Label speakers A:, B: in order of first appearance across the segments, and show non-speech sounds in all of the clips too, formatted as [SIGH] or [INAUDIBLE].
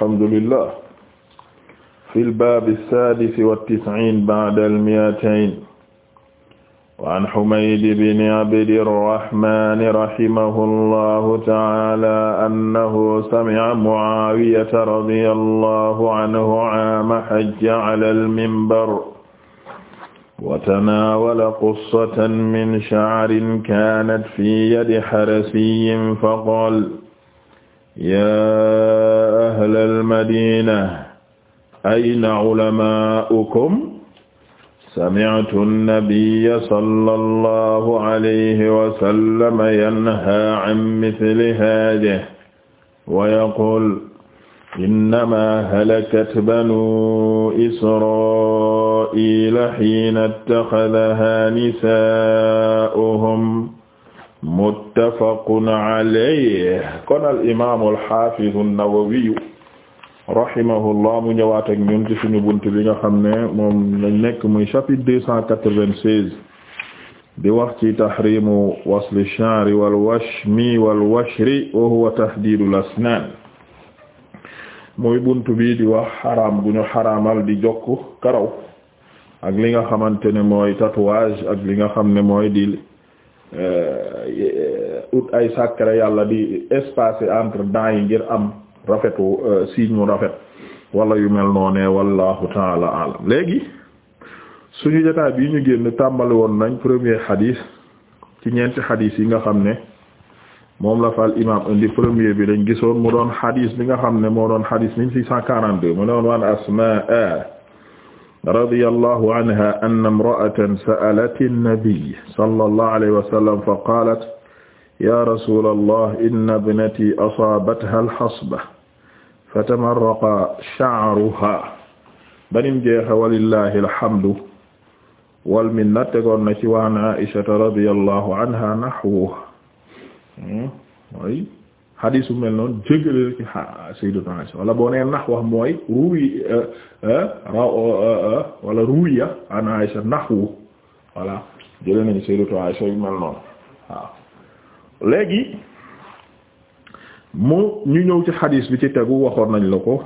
A: alhamdulillah fi lbab alsadis waltiscin bacda almiatayn waan xumayd bni abdirrahmani rahimahu allahu taala annahu samica mucaawiyata radia allahu anhu caama xajja cala alminbar wa tanaawala qussatan min shacrin kaanat fi yadi xarasiyin faqaal yaa ahlal madina ayna ulamaa'ukum sami'tu nabiyya sallallahu alayhi wa sallam yanhaa an mithli haadihi wa yaquulu innamaa halakat banuu israa'iila hiina ittaxadahaa nisaa'uhum muttafaqun alayhi kon al imaamu alxaafizu nawawiyu rahimahullah mu ñëwaat ak ñun ci suñu bunt bi nga xam ne moom lañ nekk muy chapitre deux cent quatre-vingt-seize wax ci tahrimu wasli wal washmi wal washri wa huwa tahdiidul asnaan muy bunt bi di wax xaraam gu ñu xaraamal di jokk karaw ak li nga xamante ne mooy tatouage ak li nga xam ne mooy di Euh, ut ay sàkkare yàlla di espace entre dents yi ngir am rafetu euh, signe mu rafet wala yu mel noonee wallahu taala alam léegi suñu jotaay bii ñu génn tàmbali woon nañ premier xadiis ci ñeenti xadiis yi nga xam ne moom la fa al imaam indi premier bi dañ gisoon mu doon xadiis bi nga xam ne moo doon xadiis mille six cent quarante-deux mu doon waan asmaa radiyallahu anha anna imra'atan sa'alat an-nabiy sallallahu alayhi wa sallam fa qalat ya rasulallah inna ibnati asaabatha al-hasba fatamarraqa sha'ruha banim jeexe walillahi alhamdu wal minna tegoon na ci waan Aisha radiyallahu anha nahwu hmm? xadiis bu mel noonu jégale ci Sayyidatu Aisha wala boo nee nax wax mooy ruwi euh, euh, raw euh, wala ruwiya an Aisha nahwu voilà jële nañu Sayyidatu Aisha yu mel noonu waaw léegi mu ñu ñëw ci xadiis bi ci tegu waxoon nañ la ko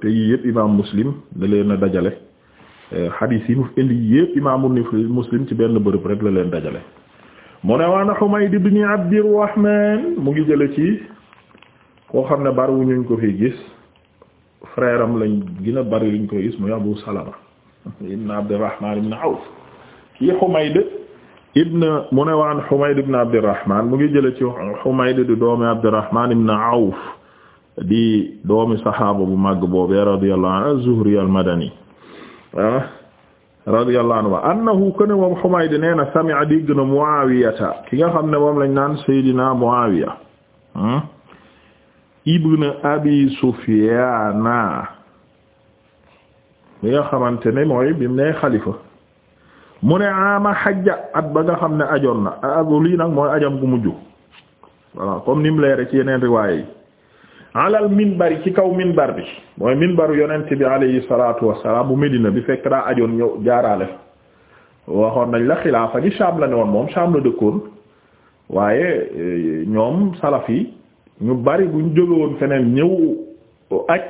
A: te yii yëpp imaam Muslim da leen dajale xadiis yi mu indi yëpp imaamu Muslim ci benn bërëb rek la leen dajale mu ne waan Humayd ibn Abdirrahman mu ngi jële ci koo xam ne bariwu ñu ko fi gis frère am lañ gën a bari luñ Abu Salama ibn Abdurrahman ibn Awf kii Humayd ibn mu ne waan Humayd ibn Abdurrahman mu ngi jële ci Humayd di doomi Abdurrahman ibn Awf di doomi saxaaba bu màgg boobee radiyallahu anhu az-Zuhri al-Madani ah radiyallahu anhu annahu kana moom Humayd nee na sami'a dégg ki nga xam ne moom lañ naan Seydina Muawiya hmm? ibn abi sufyaana mi nga xamante ne mooy bi mu ne xalifa mu ne ama xajja at ba nga xam ne ajoon na abu ah, lii nag mooy ajam gu mujj voilà comme ni leere ci yeneen riwaaya yi alal minbari ci kaw minbar bi mooy minbaru yonent bi alayhi salaatu wassalaam bu Medina bi fekk daa ajoon ñëw jaaraale waxoon nañ la xilaafa gi Sham la ne woon moom Sham la dëkkoon waaye eh, ñoom salaf yi ñu bari buñ jóge woon feneen ñëw aj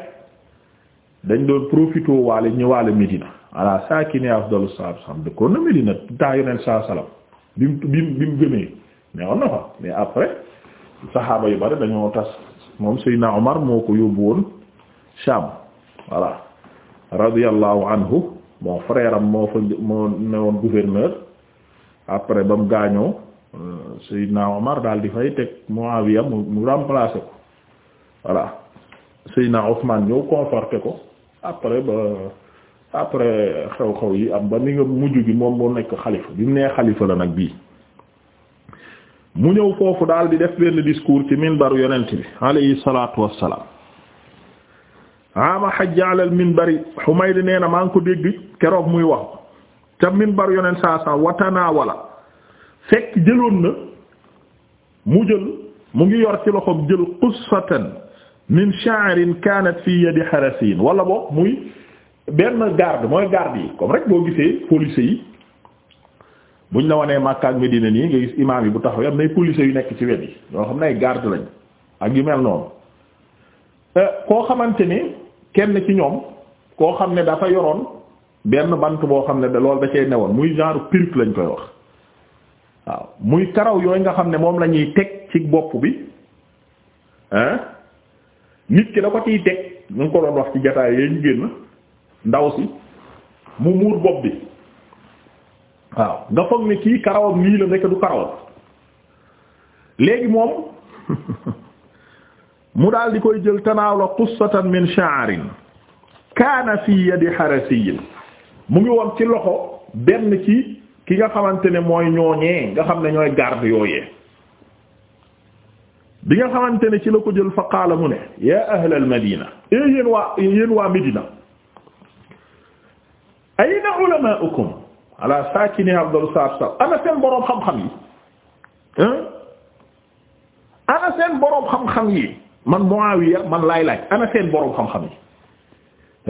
A: dañ doon profité waale ñëwaale Medina ala saakini afdalu salaatu salaam dëkkoon na Medina taa yoneen saa salaam bi mu bi mu bi mu gënee na fa mais après saxaaba yu bari dañoo tas moom Seydina Omar moo ko yóbbu woon Sham voilà radiyallahu anhu bon frère am moo fa moo newoon gouverneur après ba mu gaañoo. Euh, Seydina Omar daal di fay teg Muawiya mu remplacer ko voilà Seydina Ousmane ñëw conforter ko après ba après xew-xew yi am ba ni nga mujj gi moom moo nekk xalifa bi mu nee xalifa la nag bii mu ñëw foofu daal di def benn discours ci minbaru yonent bi alayhi salaatu wassalaam ama hajja ala al minbari Humayd nee na maa ngi ko dégg keroog muy wax ca minbaru yonent saa saa watanaa fekk jëloon na mu jël mu ngi yor ci loxoom jël qussatan min sha'rin kanat fi yadi harasin wala boog muy benn garde mooy garde yi comme rek boo gisee police yi buñ la wanee Makka ak Medina nii nga gis imaam yi bu taxawee am nay police yu nekk ci wet yi yoo xam ne ay garde lañ ak yu mel noonu euh, koo xamante ni kenn ci ñoom koo xam ne dafa yoroon benn bant boo xam ne da loolu da cay newoon muy genre perruque lañ koy wax waaw muy karaw yooyu nga xam ne moom lañuy teg ci bopp bi ah nit ki da ko ciy teg ñu ngi ko doon wax ci jataay yooyu génn ndaw si mu muur bopp bi waaw nga foog ne kii karawam lii la nekk du karawam léegi moom [LAUGHS] mu daal di koy jël tanaawla qussatan min sha'rin kaana fi yadi harasiyin mu ngi woon ci loxo benn ci ki nga xamante ne mooy ñooñee nga xam ne ñooy garde yooyee bi nga xamante ne ci la ko jël fa qaala mu ne ya ahlal madina e yéen waa yéen waa madina ay ulamaukum ala sakini seen boroom xam-xam yi ana seen boroom xam-xam yi man Muawiya man laay laaj ana seen boroom xam-xam yi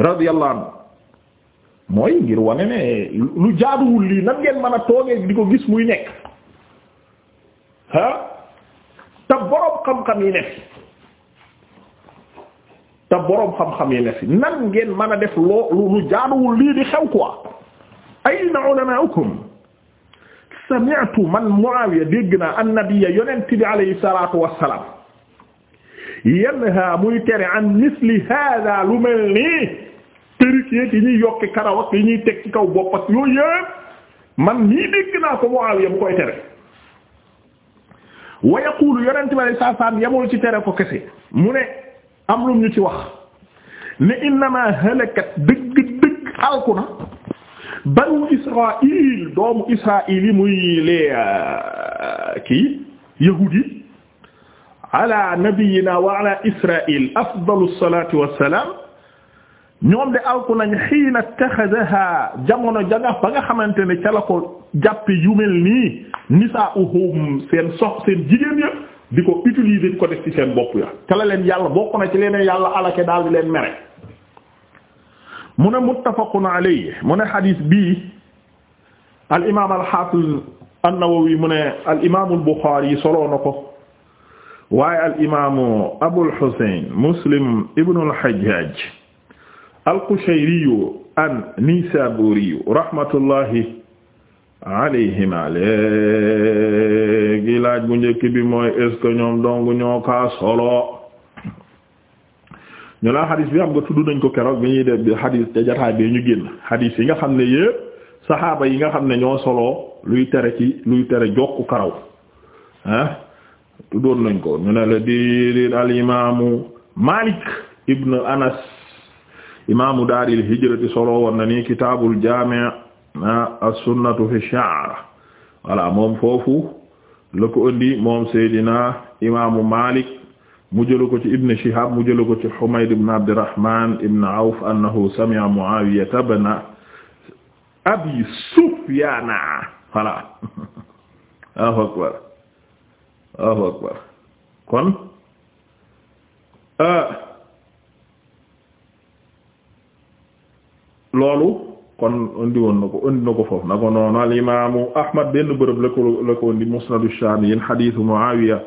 A: radiyallahu anhu mooy ngir wane ne lu jaaduwul lii nan ngeen mën a toogee di ko gis muy nekk ah te boroom xam-xam yi ne fi te boroom xam yi ne fi nan mën a def loo lu jaaduwul lii di xew quoi ayna ulamaukum sami'tu man Muawiya dégg naa annabiyya yonent bi alayhi salaatu wassalaam yanha muy tere an misli hada lu mel nii perruque yi ñuy yokki karaw yi ñuy teg ci kaw bopp ak yooyu yëpp man nii ko Muawiya mu koy tere wa yaqulu yonent bi saa saam yamul ci tere ko kese mu ne am lu ñu ci wax ne innama halakat dëgg dëgg alku banu Israil doomu Israil muy lee euh, kii yahudi ala nabiyina wa ala Israil afdalu salaatu wassalaam ñoom de alku nañ xiina taxadaha jamono jaga ba nga xamante ne ca la ko jàppe yu mel nii nisaa'uhum seen sox seen jigéen ya di ko utiliser di ko def ci seen bopp ya ca leen yàlla bokk na ci leneen yàlla alake daal di leen mere mu ne muttafaqun alayhi mu ne xadiis bii al imaam al xaafiz an-Nawawi mu ne al imaam al Buxaari soloo na ko waaye al imaamu Abul Husayn Muslim ibn al al-Qushayriyu an-Nisaburiyu rahmatullahi alayhima léegi laaj bu njëkk bi mooy est ñoom dong ñoo kaa solo ñu la xadis bi am nga tudd nañ ko keroog bi ñuy def bi xadis ca jataay bi ñu génn xadis yi nga xam ne yépp saxaaba yi nga xam ne ñoo solo luy tere ci luy tere jokku karaw ah tuddoon nañ ko ñu ne la di al imaamu Malik ibn Anas imaamu daaril hijrati solo woon na ni kitaabul jaami' as-sunnatu fi sha'r voilà moom foofu la ko indi moom Seydina imaamu Malik mu jëlu ko ci Ibn Shihab mu jëlu ko ci Humayd ibn Abdirrahman ibn Awf annahu sami'a Muawiya ibn Abi Sufyan voilà [LAUGHS] Allahu akbar Allahu akbar kon euh, loolu kon indi woon na ko indi na ko foofu na ahmad benn bërëb la ko la ko indi musnadu shaamiyin hadithu muawiya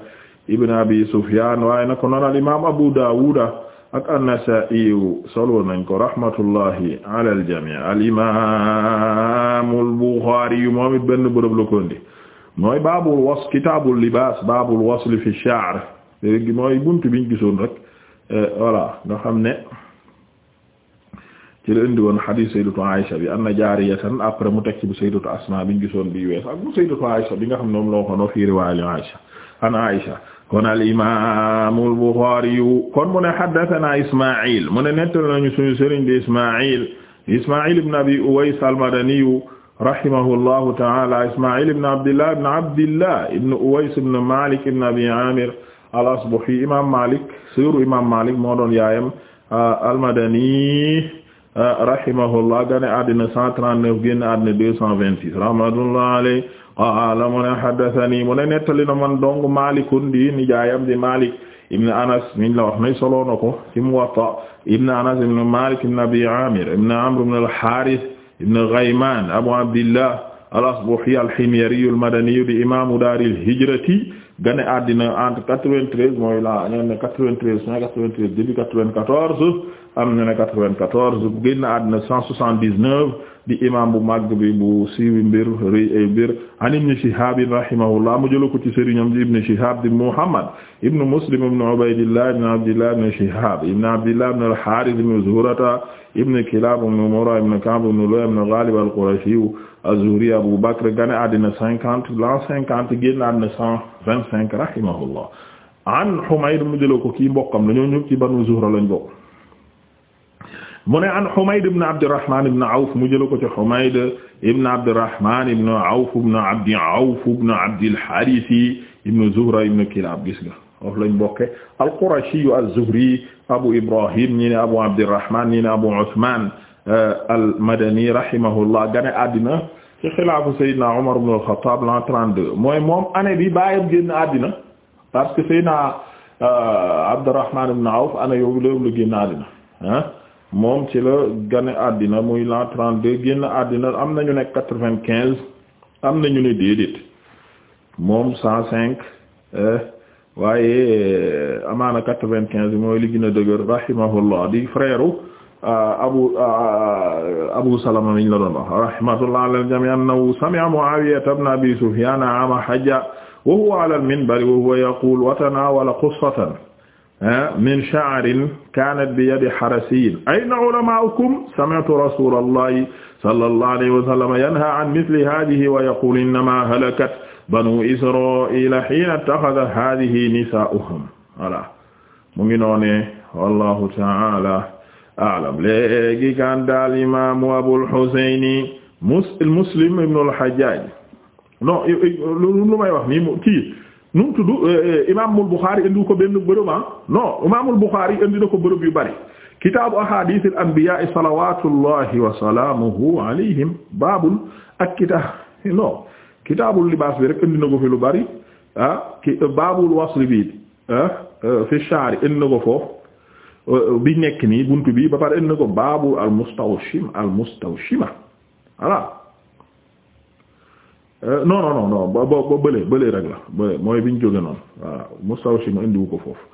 A: ibn abi sufyan waaye na ko noonu al imaam abu daawuda ak an-nasa'i solo nañ ko rahmatullahi ala al jamii al imaamu buxaari moom benn bërëb la ko indi mooy baabul was kitaabul libaas baabul wasl fi sha'r mooy buntu biñ gisoon rek eh, ci la indi woon xadiis sayyidatu Aisha bi anna jaariyatan après mu teg ci bu sayyidatu Asma biñ gisoon bi wees ak bu sayyidatu Aisha bi nga xam ne moom loo ko noo fi riwaaya Aisha an Aisha kon al imaam al Buxaari kon mu ne haddathana Isma'il mu ne nettali nañu suñu sëriñ di Isma'il Isma'il ibn Abi Uways al-Madani rahimahullahu ta'ala Isma'il ibn Abdillah ibn Abdillah ibn Uways ibn Malik ibn Abi Amir al-Asbahi imaam Malik siiru imaam Malik moo doon yaayam al-Madani Euh, rahimahullah gane addina 139 génn addina 226 rahmatullah alayhi qaala mu ne haddathani mu ne nettali na man dong malikun di nijaayam di malik ibn anas min la wax nay soloo na ko ci muwatta ibn anas ibn malik ibn abi amir ibn amr ibn al-harith ibn ghayman abu abdillah al-asbahi al al-madani di imamu dar al-hijrati gane addina entre 93 mooy la ñoon ne 93 fin 93 début 94 am na ne 94 génn àddina 179 di imam bu mag bi bu siiwi mbir rëy ay mbir an ibn Shihab rahimahullah mu jëla ko ci sëriñam di ibn Shihab di Muhammad ibn Muslim ibn Ubaydillah ibn Abdillah ibn Shihab ibn Abdillah ibn al-Harith ibn Zuhrata ibn Kilab ibn Murra ibn Ka'b ibn Lu'ay ibn Ghalib al-Qurashi az-Zuhri Abu Bakr gane àddina 50 l'an 50 génn àddina 125 rahimahullah an Humayd mu jëla ko kii mbokkam la ñoo ñëpp ci Banu Zuhra lañ bokk mu ne an Humayd ibn Abdirrahman ibn Awf mu jëla ko ci Humayd ibn Abdirrahman ibn Awf ibn Abdi Awf ibn Abdil Harith ibn Zuhra ibn Kilab gis nga wax lañ bokke al-Qurashi az-Zuhri Abu Ibrahim ñi ne Abu Abdirrahman ñi ne Abu Uthman euh, al-Madani rahimahullah gane àddina ci xilaafu Seydina Umar ibn al-Khattab l'an 32 mooy moom année bi bàyyam génn àddina parce que Seydina euh, Abdirrahman ibn Awf année yooyu léegi la génn àddina ah moom ci la gane àddina muy l'an 32 génn àddina am nañu ne 95 am nañu ne déedéet moom 105 eh, waaye eh, amaana 95 mooy li gën a dëgër rahimahullah di frère ah, abu ah, ah, abu salama miñ la doon wax rahmatullah ala aljami annahu sami'a muawiya ibn abi sufyan ama hajja wa huwa ala al-minbar Ah, min sha'rin kaanat bi yadi harasiyyin ayna ulamaa'ukum sami'tu rasuulallahi sallallahu alayhi wa sallam yanhaa an mithli haadhihi wa yaquulu innamaa halakat banuu israa'iila hiina ittakhadhat haadhihi nisaa'uhum voilà mu ngi noonee wallaahu ta'aala a'lam léegi kan daal imaamu Abul Husayni Muslim ibnul Hajjaaj non lu may wax nii kii nu mu tudd euh, euh, imaamul Buxaari indi ko benn bërëb ah non imaamul Buxaari indi na ko bërëb yu bari kitaabu ahadiisil anbiyaa salawaatullahi wa salaamuhu alayhim baabul ak kitaabul libaas bi rek indina ko fi lu bari ah ki euh, baabul wasli bi ah fi shaari indi ko foofu bi nekk nii buntu bi ba pare indi na ko baabul al mustawshim mustawshima voilà. Euh, no non non ba ba ba bële bële rek la bële mooy bi ñu jóge noonu voilà mustawshi ma indiwu ko foofu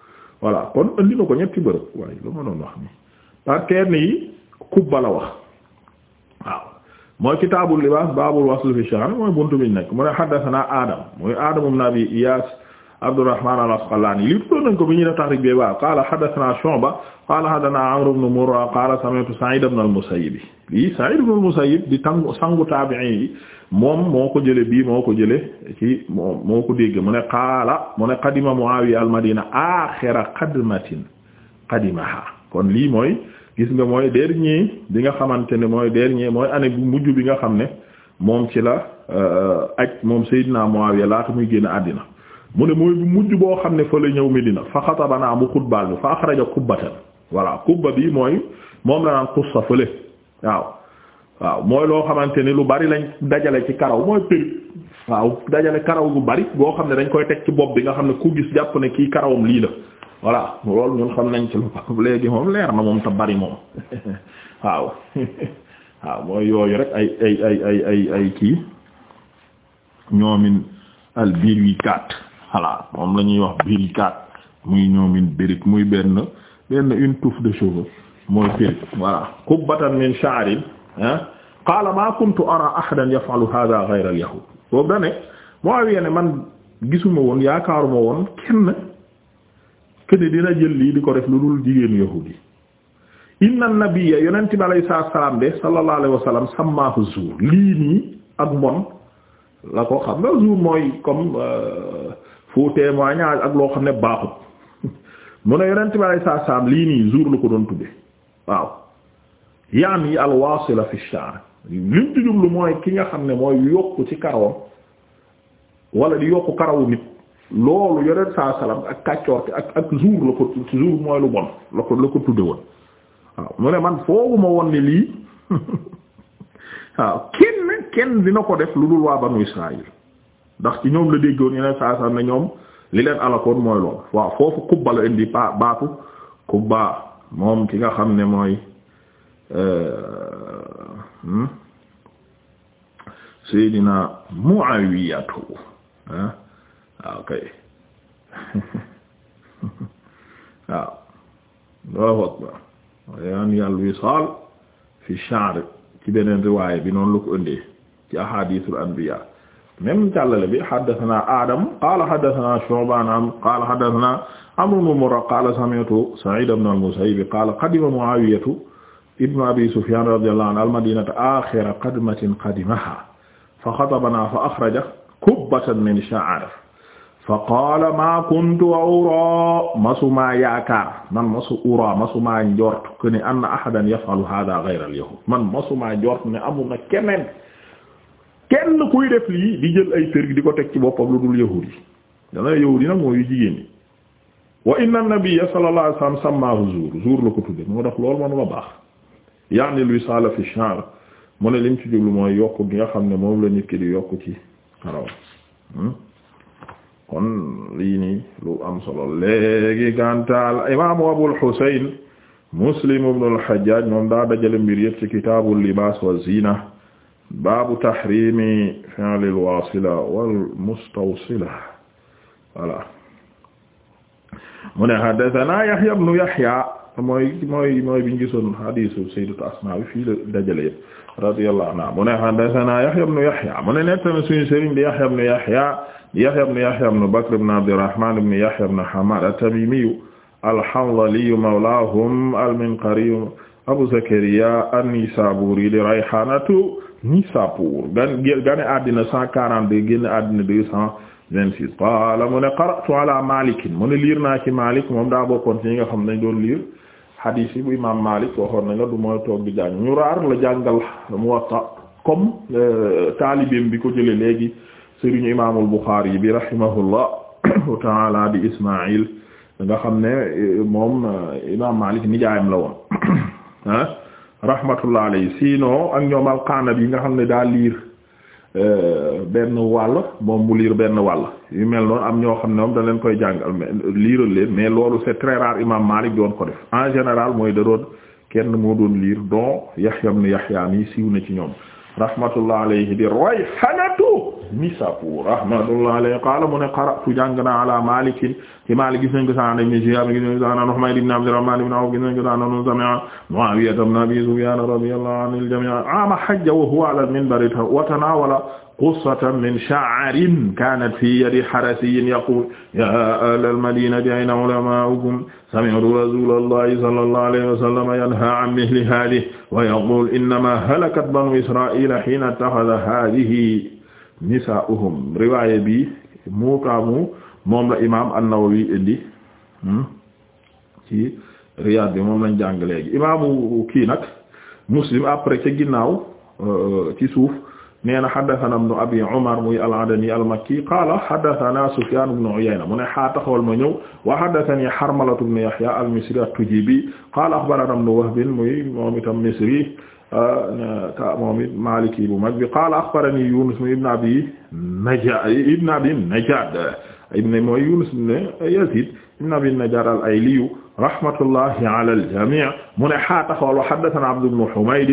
A: voilà kon indi ko ñetti bërëb waaye lu ma doon wax nii parce que kenn yi kubba wax waaw mooy kitaabul libaas baabul wasl fi sha'r mooy buntu bi nekk mu ne haddathana Adam mooy Adam ibn Abi Iyas Abdurrahman al yi lii tuddoon nañ ko bi ñuy def taxrij bi waaw qaala haddathanaa Shu'ba qaala haddathanaa Amr ibn Murra qaala sami'tu Sa'id ibn al-Musayyib lii Sa'id ibn al-Musayyib di tàng sangu taabi'iin yi moom moo ko jëlee bii moo ko jëlee ci moom moo ko dégg mu ne qaala mu ne qadima Mu'aawiya al-Madina aaxira qadmatin qadimahaa kon lii mooy gis nga mooy dernier bi nga xamante ne mooy dernier mooy année bu mujj bi nga xam ne moom ci la euh, ak moom Seydina Mu'aawiya laata muy génn àddina mu ne mooy bu mujj boo xam ne fa la ñëw Medina fa xatabanaa mu xutbaal bi fa axraja kubbatan voilà kubba bi mooy moom la naan xussa fële waaw waaw mooy loo xamante ni lu bari lañ dajale ci karaw mooy dajale karaw gu bari boo xam ne dañ koy teg ci bopp bi nga xam ne ku gis jàpp ne kii karawam lii la voilà loolu ñun xam nañ ci lu [LAUGHS] léegi moom leer na moom te bari moom [LAUGHS] waaw [LAUGHS] waaw mooy yooyu rek ay ay ay ay ay kii ñoomin al bir wi voilà moom lañuy ñuy wax birikat muy ñoomin birik muy benn benn une touffe de cheveux mooy périk voilà kubbatan min sha'rin ah qaala ma kuntu ara ahadan yaf'alu hadha ghayra al-yahud boobu dane Muawiya ne man gisuma woon yaakaaruma woon kenn kene dina jël lii di ko def lu dul jigéenu yahudi inna nabiyya yonent bi alayhi salaam de sallallahu alayhi wa sallam sammaahu zuur lii nii ak mbon la ko xam nga zuur mooy comme euh, faux témoignage ak loo xam ne baaxut mu ne yonent bi saa saam lii nii jour la ko doon tudde waaw yaan yi alwaasila fi sha'r lim ci jublu mooy ki nga xam ne mooy yokk ci karawam wala di yokk karawu nit loolu yonent saa salam ak kàccoor ak ak jour la ko jour mooy lu bon la ko la ko tudde woon waaw mu ne man fooguma woon ne lii [LAUGHS] waaw kenn kenn dina ko def lu dul waa banu Israël ndax ci ñoom la déggoon ñu ne saa saa ne ñoom li leen alakoon mooy lool waaw foofu kubba la indi pa baatu kubba moom ki nga xam ne mooy euh, hmm? Seydina Muawiyatu ah waaw kay waaw [LAUGHS] ah. Allahu akbar yaan yàll wisaal fi sha'r ci beneen riwaaya bi noonu la ko indee ci ahadithul anbiya même càllale bi haddathana adam qala haddathana Shu'ban am qala haddathana Amr ibn Murra qala sami'tu Sa'id ibn al-Musayyib qala qadima Mu'awiya ibn Abi Sufyan radiyallahu anhu al-madinata akhira qadmatin qadimaha fa khatabana fa akhraja kubbatan min sha'ir fa qala ma kuntu ura masuma yaakaar man masu ura masuma njort ne anna ahadan yaf'alu hadha ghayra al-yahud man masuma njort ne amuna keneen kenn kuy def lii di jël ay kër di ko teg ci boppam lu dul yahuud yi dana yahuud yi nag jigéen wa inna nabiyya sallallahu alayhi wasallam samaahu zuur zuur la ko tudde moo tax lool manula baax yaani luy saala fi sha'r mu ne lim ci jublu mooy yokk gi nga xam ne moom la nit di yokku ci xaraw hmm? kon lii lu am solo léegi gantaal imaamu abul husayn muslim ibnul hajjaaj moom daa dajale mbir yépp ci kitaabul libaas wa ziina baabu tahrimi fi'lil wasila wal mustawsila voilà mu ne haddathana Yahya ibn Yahya mooy mooy mooy bi ñu gisoon hadiisu sayyidatu Asmaa fii la dajale yëpp radiyallahu anha mu ne haddathana Yahya ibn Yahya mu ne nettana suñu sëriñ di Yahya ibn Yahya Yahya ibn Yahya ibn Bakr ibn Abdirrahman ibn Yahya ibn Hammad at-Tamimi al-Hanzali mawlahum al-Minqari Abu Zakariya an-Nisaburi li Rayhanatu Nisapur gan gane àddina cent quarante deux génn àddina deux cent vingt six qaala mu ne qara'tu ala Maalik mu ne liir naa ci Maalik moom daa bokkoon ci nga xam ne dañ doon liir hadis yi bu imaam Maalik waxoon nañ la du mooy toog di jàng ñu raar la jàngal Muwatta comme euh, taalibeem bi ko jëlee léegi sëriñu imaamul Buxaari bi rahimahullahu ta'ala di Ismaa'il nga xam ne euh, moom euh, imaam Maalik nijaayam la woon [COUGHS] rahmatullah alayhi sinon ak ñoom al-Qanabi yi nga xam ne daa liir euh, benn wàll moom mu liir benn wàll yu mel noonu am ñoo xam ne moom da leen koy jàngal mais liiral leen mais loolu c'est très rare imam Malik doon ko def en général mooy da kenn moo doon liir don Yahya ibn Yahya mi siiw na ci ñoom rahmatullah alayhi di roy xanatu Nisapur rahmatullah alayhi qaala mu ne qara'tu jàng naa ala Maalik ci Maalik gis nañ ko sax ibn Shihaab gis nañ ko sax Humayd ibn Abdurrahmaan ibn Awf gis nañ ko sax sami'a Mu'aawiya ibn Abi Sufyaan radiyallahu anil jamii' aama hajja wa huwa ala al-minbar wa tanaawala qussatan min sha'rin kaanat fii yadi harasiyyin yaquulu yaa ahlal madiinati ayna ulamaa'ukum sami'tu rasuulallahi sallallahu alayhi wa sallam yanhaa 'an mithli haadhihi wa yaquulu innamaa halakat banuu israa'iila hiina ittakhadhat haadhihi nisaa'uhum riwaaya bi muutaamu moom la imaam an-Nawawi indi hmm, ci Riyaad bi moom lañ jàng léegi imaamu kii nag Muslim après ci ginnaaw euh, ci suuf nee na haddathana ibnu abi Umar muy al-Adani al-Makki qaala haddathana Sufyaan ibnu Uyayna mu ne xaa taxawal ma ñëw wa haddathani Harmalatu ibnu Yahya al-Misri at-Tujibi qaala akhbarana ibnu Wahb muy moom itam Misri ka moom it maliki bu mag bi qaala axbarani Yunus ibn Abi Najjaad ibn Abi Najjaad ibn mooy Yunus ibn Yazid ibn Abi Najjaad al-Ayliyu rahmatullahi ala al-jamii' mu ne xaataxool wa haddathana Abdu bnu Humayd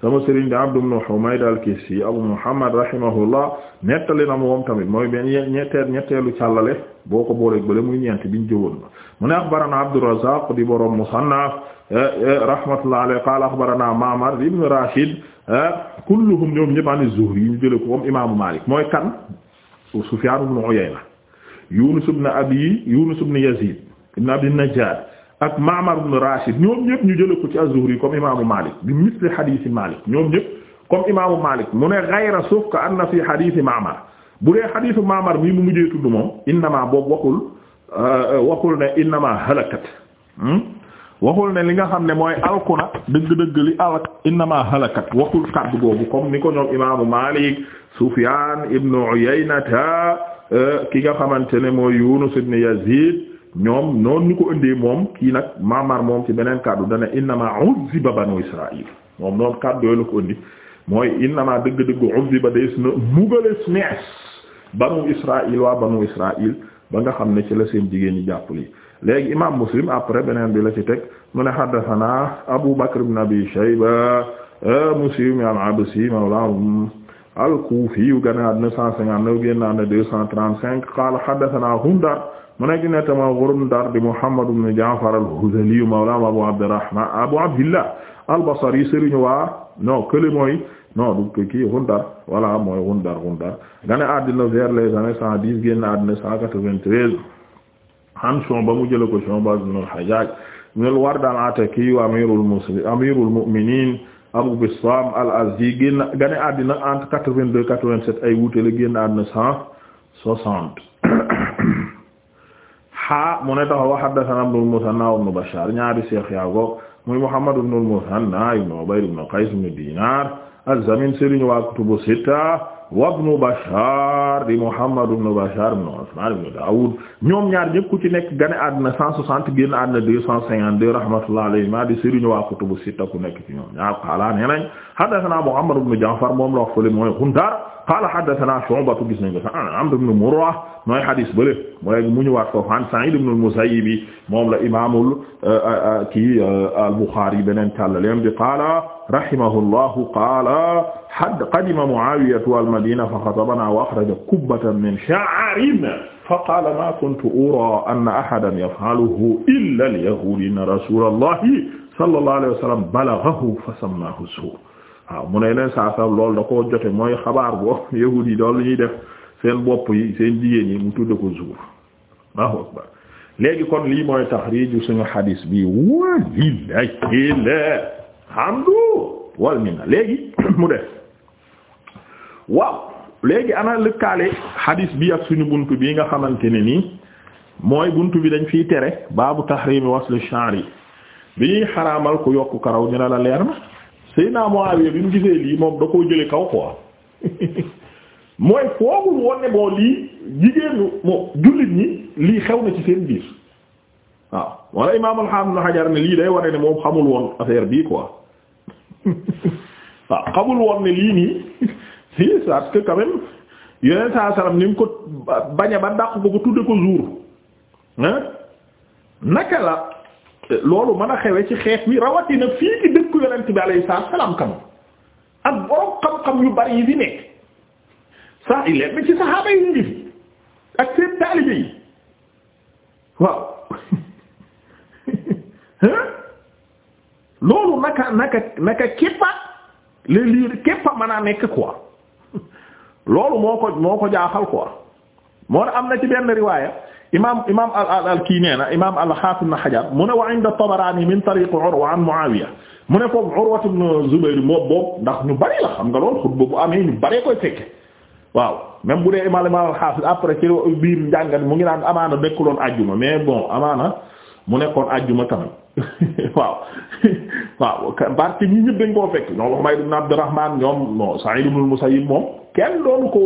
A: sama sëriñ di Abdu bnu Humayd al-Kissi Abu Muhammad rahimahullah nettali na moom tamit mooy benn ñetteel ñetteelu càllale boo ko booleeg bële muy ñeent biñ jëwoon mu ne axbarana Abdu Razzaaq di borom Musannaf eh, eh, rahmatullahi alayhi qaala axbarana Ma'mar ibn Rashid eh, kulluhum ñoom ñëpp an az-Zuhri yi ñu jëlee ko moom imaamu Maalik mooy kan Sufyaan ibn Uyayna Yuunus ibn Abi Yuunus ibn Yaziid ibn Abi Najjar ak Ma'mar ibn Rashid ñoom ñëpp ñu jëlee ko ci az-Zuhri comme imaamu Malik bi misli hadith Malik ñoom ñëpp comme imaamu Malik mu ne ghayra sauf ka fi hadith Ma'mar bu dee hadith Ma'mar mii mu mujjee tudd moom innama boobu waxul euh, waxul ne innama halakat hmm? waxul li nga xam ne mooy alkuna waxul kaddu boobu comme ni ko ñoom imaamu Malik Sufyan ibn Uyaynata euh, ki nga xamante ne mooy Yunus ibn Yazid ñoom noonu ñu ko ëndee moom kii nag mamar moom ci beneen kàddu dana innama uzziba banu israil moom noonu kàddu yooyu la ko ëndi mooy innama dëgg-dëgg ba day su na mugales nees banu israil waa banu israil ba nga xam ne ci la seen jigéen ñi jàppali léegi imam muslim après beneen bi la ci teg mu ne haddathana abu bakr ibn abi shayba muslim al-absi mawlahum al-kufi yu ganaad 959 génnaana 235 qala haddathana hundar mu ne ki nettama Ghundar di Muhammad ibn Ja'far al-Hudhali mawlaam Abu Abdirrahmaan Abu Abdillah al-Basri sëriñu waa non kële mooy non du kii Ghundar voilà mooy Ghundar Ghundar gane àddina vers les années cent dix génn àddina cent quatre-vingt-treize am Shu'ba mu jële ko Shu'ba ibn al-Hajjaj ibn al-Ward al-Ataki wa mu'minin Abu Bistam al-Azdi génn gane àddina entre quatre-vingt-deux quatre-vingt-sept ay wuute la génn àddina cent soixante xaa mu ne taxaw haddathana ibnul Musanna ibnu Bashaar ñaari seex yaa ko muy Muhammad ibnul Musanna ibnu Ubayr ibnu Qays ibnu Diinaar az-Zamin sëriñ waa kutubu sitta wa ibnu Bashaar di Muhammad ibnu Bashaar ibnu Usmaan ibnu Daawuud ñoom ñaar ñëpp ku ci nekk gane àddina cent soixante génn àddina deux cent cinquante-deux rahmatullahi alayhi ma di sëriñ waa kutubu sitta ku nekk ci ñoom ñaar qaala nee nañ haddathana Muhammad ibnu Ja'far moom la wax fële mooy Ghundar qaala haddasanaa Shu'batu gis nañ ko sax ah, Amr ibn Murra mooy xadis bële mooy mu ñu waat foofu an Sa'iid ibn al-Musayyib moom la imaamul euh, euh, kii euh, al-Buxaari beneen tàllaleem bi qaala rahimahullahu qaala qadima Mu'aawiyatu al-Madiina fa-xatabanaa wa axraja kubbatan min sha'rin faqaala maa kuntu uraa anna ahadan yaf'aluhu illaa al-yahuud inna rasuulallahi sallallahu alayhi wa sallam balaghahu fasammaahu zuur waaw mu ne leen saa saaf loolu da koo jote mooy xabaar boo [LAUGHS] yahud yi doon lu ñuy def seen bopp yi seen jigéen yi mu tudde ko zuur léegi kon lii mooy tax taxriiju suñu xadiis bi walillahi alhamdu wal minna léegi [CLEARS THROAT] mu def waaw léegi ana lëkkaale xadiis bi ak suñu bunt bi nga xamante ne nii mooy bunt bi dañ fiy tere tax baabu taxriimi waslu yi bi ñuy xaraamal ku yokk karaw ñu ne la leer na Seydina Muawiya bi mu gisee lii moom da koo jële kaw quoi [LAUGHS] mooy foogul woon ne boo lii jigéenu moo jullit ñi lii xew na ci seen biir waaw wala imaam al-Hafiz Ibn ne lii day wone ne moom xamul woon affaire bii quoi [LAUGHS] xamul woon ne lii nii [LAUGHS] si parce saa salaam ni mu ko baña ba dàq ko ko tudde ko jour naka la loolu mën a xewe ci xeet wi rawatina fii ci dëkk yonent bi alayhi salaam kam ak borom xam-xam yu bari yi fi nekk saa i leen ci saxaaba yi ngi fi ak seen taalibe yi waaw loolu naka naka naka képpa le lii képpa mën a nekk quoi loolu moo ko moo ko jaaxal quoi moo am na ci benn riwaaya imaam imaam al al kii nee na imaam al-Hafiz na Hajar mu ne wa inda mu ne foofu Urwa ibn Zubayr moom boobu ndax ñu bari la xam nga lool xutba bu amee ñu baree koy fekke waaw même bu dee imaam al-Hafiz après ci biir njàngat mu ngi naan amaana nekkuloon àjjuma mais bon amaana mu nekkoon àjjuma tamit [LAUGHS] waaw [LAUGHS] waaw parce que ñi ñëpp dañ koo ko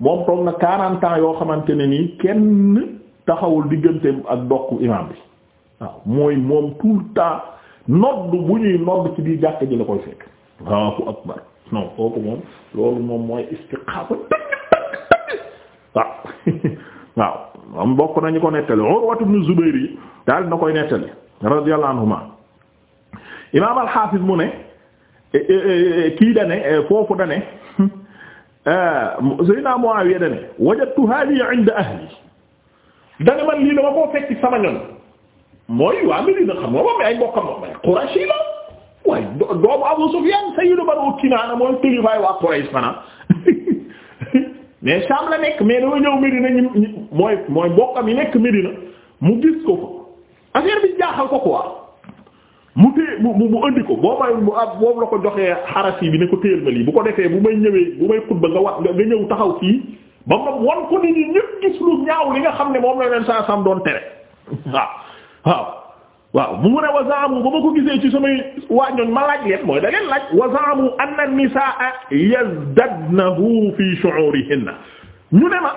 A: woon moom toog na 40 yoo xamante ne nii kenn. taxawul digganteem ak dokku imam bi waaw mooy moom tout le nodd bu ñuy nodd ci biir jàkk ji la koy fekk Allahu akbar non kooku moom loolu moom mooy istiqaama waaw moom [LAUGHS] bokk nañu ko nettali Urwat ibn Zubayr yi koy nettali radiyallahu anhuma imaam al-Hafiz mu ne e, e, e, kii dane foofu dane [LAUGHS] Seydina Muawiya dane wajadtu haali ahli dana man lii dama koo fekk sama ñoñ mooy waa Medina xam nga moom ay mbokkam moom ay Qurashi la waaye doomu Abu Sufyan sayyidu Banu Kinaana mooy tëlifaay waa Quraysh mana [LAUGHS] mais Sham la nekk mais dama ñëw Medina ñu mooy mooy mbokkam yi nekk Medina mu gis ko fa affaire bi jaaxal ko quoi mu téye mu mu andi ko boo may mu ab ah, boobu la ko joxe joxee xarasi bi ne ko téel ma lii bu ko defee bu may ñëwee bu may xutba nga wax nga ñëw taxaw fii ba mu wan ko nit ñi ñépp gis lu ñaaw li nga xam ne moom la leen saa sam doon tere waaw waaw waaw mu ne wasaamu ba ma ko gisee ci samay waañoon ma laaj leen mooy da leen laaj wasaamu anna nisaa yazdadnahu fi shu'urihinna ñu ne ma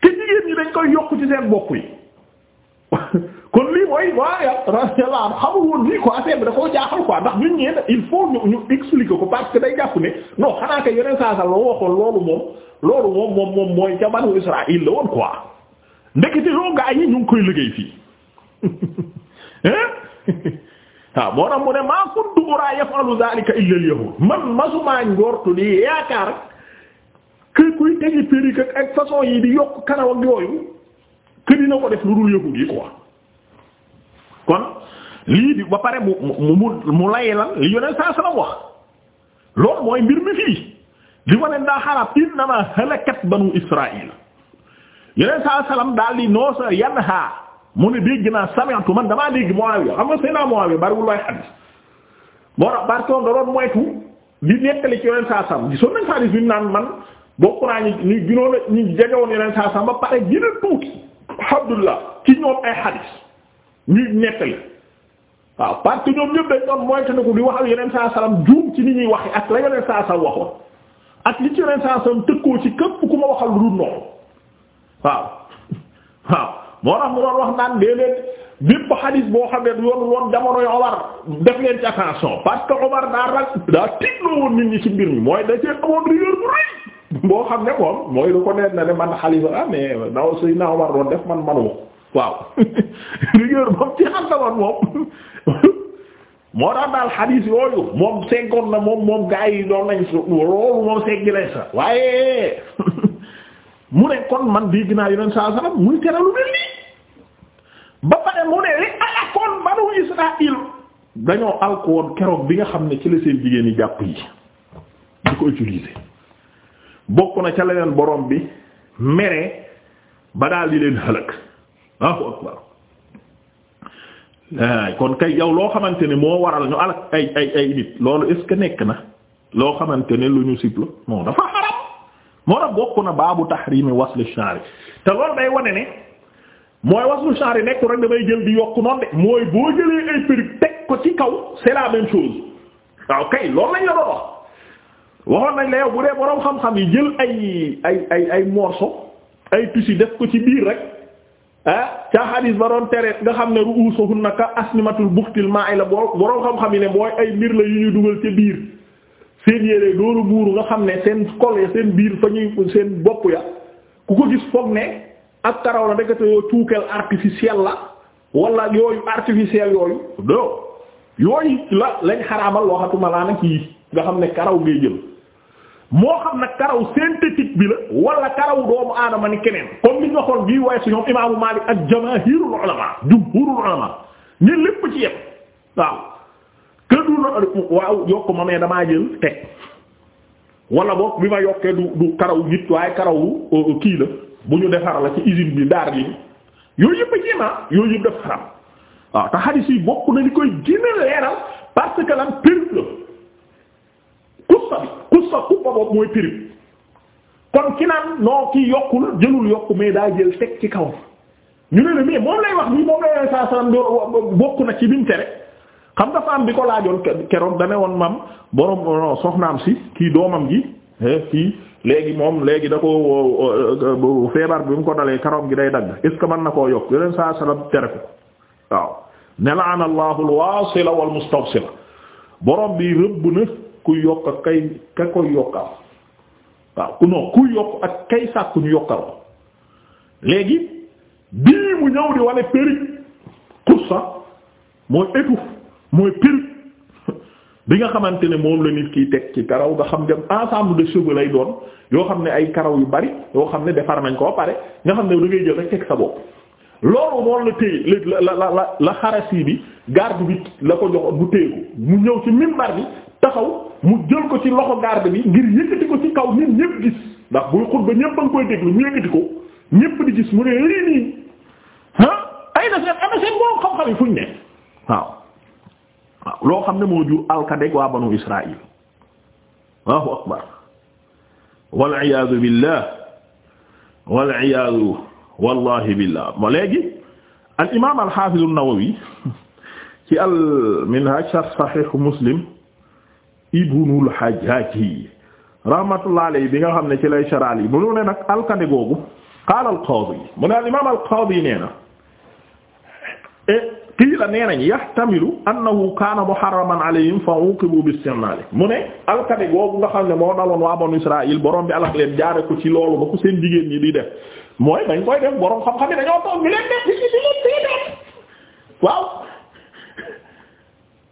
A: ki jigéen ñi yokk ci seen bopp yi kon lii mooy waaye xamul woon lii quoi affaire bi da koo jaaxal quoi ndax ñun ñeen il faut ñu ñu expliquer ko parce que day jàpp ne non xanaa kay yeneen saa sa la waxoon loolu moom loolu moom moom moom mooy ca banu Israël la woon quoi ndekete yoo gaa yi ñu ngi koy liggéey fii waaw ah, moo tax mu ne maa kuntu uraa yaf'alu zaalika illa al man masumaa njortu di yaakaar que kuy tegi périk ak façon yi di yokk kanaw ak yooyu que dina ko def lu dul yahuud yi quoi kon lii di ba pare mu mu mu mu lay lan li yoneen wax loolu mooy mbir mi fii. li ko leen daa xaraam innama halakat banu israil yeneen saa salaam daal di noo sa yan ha mu ne dégg naa sami'tu man damaa dégg Muawiya xam nga Seydina Muawiya bariwul waay xadis moo tax parce da doon saa salaam gisoon xadis bi ñu naan man bokk naa ñu ñu gënoon a a tuuti alhamdulillah ci ñoom ay xadis ñuy nettali waaw parce que ñoom ñëpp dañ doon moytu ko di wax ak yeneen saa salaam juum ci ni ñuy wax ak la yeneen saa salaam waxoon. ak li ci yonent tëkkoo ci képp ku ma waxal lu noonu waaw waaw moo tax mu doon wax naan déedéet bépp xadiis boo xam ne yoon woon jamonoy Omar def leen ci nit ñi ci mbir mi mooy da cee amoon bu rëy boo xam ne moom mooy reconnaître na ne man xalifa ah mais ndaw suy naa Omar doon def man manuma waaw [LAUGHS] rigueur moom ci xam na moom moo tax daal xadiis yooyu moom seggoon na moom moom gaa yi doon nañ su loolu moom seggi nañ waaye [LAUGHS] mu ne kon man dégg naa yoneen saa salaam muy teralu mel ba pare mu ne li alakoon banu Israël dañoo alkoon keroog bi nga xam ne ci la seen jigéen yi jàpp yi di ko utiliser bokk na ca leneen borom bi mere ba daal di leen xëlëg Eh, kon kay yow loo xamante ne moo waral ñu alak ay ay ay nit loolu est-ce que nekk na loo xamante ne lu ñu sipla moom dafa xaram moo tax bokk na baabu tahrimi waslu sha'ri te loolu day wane ne mooy waslu sha'ri nekku rek damay jël di yokk noonu de mooy boo jëlee ay perruque teg ko ci kaw c'est la même chose waaw ah, kay loolu lañ la waxoon nañ la yow bu dee boroom xam-xam yi jël ay ay ay ay morceau ay tissu def ko ci biir rek ah ca xadis ba doon tere nga xam ne ru'usuhunna ka asnimatul buxtil ma'ila borom xam-xam yi ne mooy ay mbir la yu ñuy dugal ca biir seen yére dooru buuru nga xam ne seen kol ya seen biir fa ñuy seen bopp ya ku ko gis foog ne ak karaw la ndekete yoo cuukeel artificiel la wala yooyu artificiel yooyu do yooyu la lañ xaraamal waxatuma laa nag yi nga xam ne karaw ngay jël moo xam nag karaw synthétique bi la wala karaw doomu aadama ni keneen comme li ñu waxoon bii waaye su ñoom imaamu Maalik ak jamaahirul ulama jumhurul ulama ñu lépp ci yépp waaw kër du na waaw yokk ma mais damaa jël teg wala boog bi ma yokkee du du karaw nit waaye karawu euh, kii la bu ñu defar la ci usine bi ndaar yi yooyu yëpp a jéemaa ah. yooyu yëpp def xaram waaw te xadiis yi bokk na li koy gën leeral parce lan périmètre xussa bi xussa xuppa boobu mooy prix kon ki naan noo ki yokkul jëlul yokku mais daa jël teg ci kaw ñu ne la mais moom lay wax nii moom lay saa bokk na ci bimu tere xam nga faam bi ko laajoon keroog dane woon mam borom soxnaam si kii doomam gi eh, kii léegi moom léegi da ko feebar bi mu ko dalee karoom gi day dagg est ce mën na koo yokk yeneen saa salaam tere ko waaw ne la'ana Allahu al wal mustawsila borom bi rëbb na ku yokk ak kay ka koy yokkal waaw ku non ku yokk ak kay sàkku ñu yokkal ko léegi bii mu ñëw di wane périg qursa mooy étouffe mooy périg [LAUGHS] bi nga xamante ne moom la nit kiy teg ci karaw nga xam ne ensemble de cheveux lay doon yoo xam ne ay karaw yu bari yoo xam ne defar nañ ko ba pare nga xam ne da ngay jël rek teg sa bopp loolu moom la téye la la la la bi garde bi la ko jox bu téye ko mu ñëw ci minbar bi taxaw mu jël ko ci loxo garde bi ngir yëkkati ko ci kaw nit ñépp gis ndax buy xutba ñépp a koy déglu ñu yëkkati ko ñépp di gis mu ne lii nii ah ay seen ana seen borom xam-xam yi fuñ ne loo xam ne moo jur alkadeg waa banu Israël Allahu akbar wal iyaadu billah wal iyaadu wallahi billah moo léegi al imaam al haafiz an-Nawawi ci al minhaj sharh sahih Muslim ibnul hajjaji rahmatullah alayhi bi nga xam ne ci lay sharaal yi mu ne nag alkande googu qaala al qaadi mu ne al imaam al qaadi nee na qiila e, nee nañ yahtamilu annahu kaana muharraman alayhim fa uqibu bi istimaali mu ne alkande googu nga xam ne moo daloon waa banu israil borom bi alak leen jaare ko ci loolu ba ko seen jigéen ñi di def mooy dañ koy def borom xam-xam yi dañoo toog bi leen def di ci di leen waaw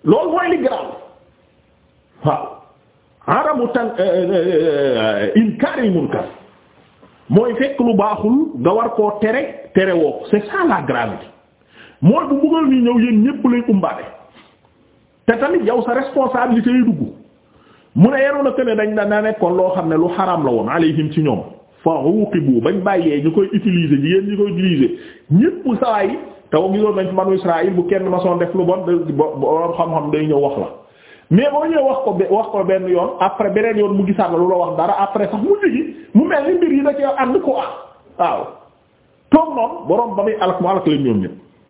A: loolu mooy li garaaw waaw aramu tan eh, eh, eh, inkaaril munkar mooy fekk lu baaxul nga war koo tere tere woo c'est ça la gravité mooy bu mbugal ni ñëw yéen ñépp lay umbaate te tamit yow sa responsabilité yi dugg mu ne yenoon a ne dañ na nekkoon loo xam ne lu xaraam la woon alayhim ci ñoom fa uqibu bañ bàyyee ñu koy utiliser jigéen ñi koy utiliser ñépp sawaay yi te woo gisoon nañ fi manu Israël bu kenn ma soon def lu bon borom xam-xam day ñëw wax la mais boo ñëwee wax ko wax ko benn yoon après beneen yoon mu gisaat la lu la wax dara après sax mu jigi mu mel ni mbir yi da cee ànd ko ah waaw toog noonu borom ba muy alak mu alak leen ñoom ñëpp